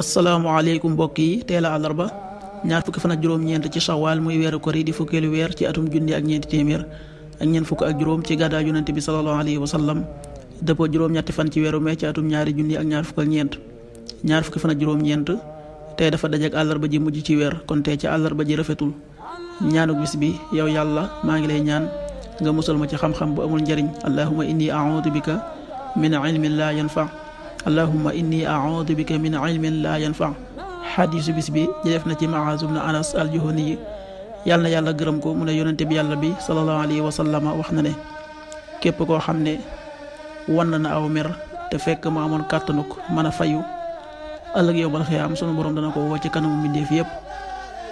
asalaamaaleykum mbokk yi teela a àllarba ñaar fukki fan ak juróom-ñeent ci sawaal muy weeru kori di fukkeelu weer ci atum junni ak ñeenti téeméer ak ñeent fukk ak juróom ci gàddaa yonent bi sallallahu alayhi wa sallam dëppoo juróom-ñetti fan ci weeru mee ci atum ñaari junni ñaar fukk ak ñeent ñaar fukki fan ak juróom-ñeent tey dafa dajeek àllarba ji mujj ci weer kon tey ci àllarba ji rafetul ñaanu bis bi yow yàlla maa ngi lay ñaan nga musal ma ci xam-xam bu amul njariñ allahuma inni a'uudu bika min ilmin la yanfa allahumma inni audu bika min ilmin la yanfa xadiisu bis bi def na ci Maaz ibn Anas al-Juhani yàlla na yàlla gërëm ko mu ne yonente bi yàlla bi sallallahu alayhi wa sallama wax na ne képp koo xam ne wan na aw mer te fekk ma amoon kàttanuk mën a fayu ëllëg yow bal xiyaam sunu borom dana ko woo ci kanamu mbindeef yépp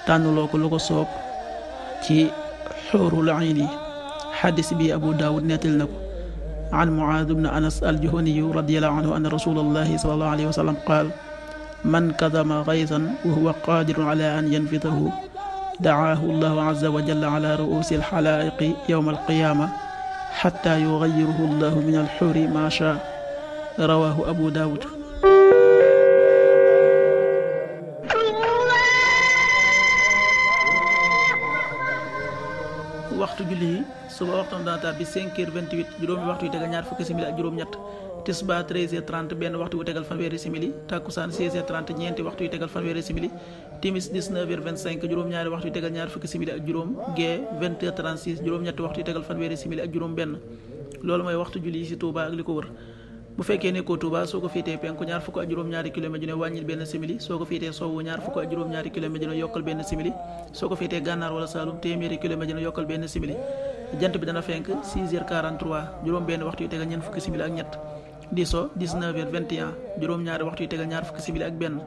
tànnuloo ko lu ko soob ci xuurul ayn yi xadis bi Abu Daawud nettali na ko an muaad bne anas aljuhaniyu radiallahu anhu anna rasulallahi salallahu alayhi wa sallam qaal man kadama gaysan wa huwa qaadirun ala an yanfidahu dacaahu allahu azza wa jalla ala ruusi alxalaa'iqi yowma alqiyaama xatta yugayiruhu allahu min alxuri ma shaa rawaahu abu daawud waxtu julli yi suba waxtam dana tàbbi 5 heures 28 juróomi waxtu yu tegal ñaar fukki simili ak juróom-ñett tisba 13 heures benn waxtu yu tegal fanweeri simili takkusaan ñeenti waxtu yu tegal fanweeri simili timis juróom-ñaari waxtu yu tegal ñaar fukki simili ak juróom gee 20 heures 36 juróom-ñetti waxtu yu tegal fanweeri simili ak juróom benn loolu mooy waxtu julli yi ci Touba ak li ko wër bu fekkee nekkoo Touba soo ko féetee penku ñaar fukk ak juróom-ñaari kilomètre dina wàññil benn simili soo ko féetee sowwu ñaar fukk ak juróom-ñaari kilomètre dina yokkal benn simili soo ko féetee gànnaar wala Saalum téeméeri kilomètre dina yokkal benn simili jant bi dana fenk 6 heures 43 juróom benn waxtu tegal ñeent fukki simili ak ñett di so 19 heures 21 juróom-ñaari waxtu tegal ñaar fukki simili ak benn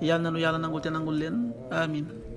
yàlla na nu yàlla nangul te nangul leen amin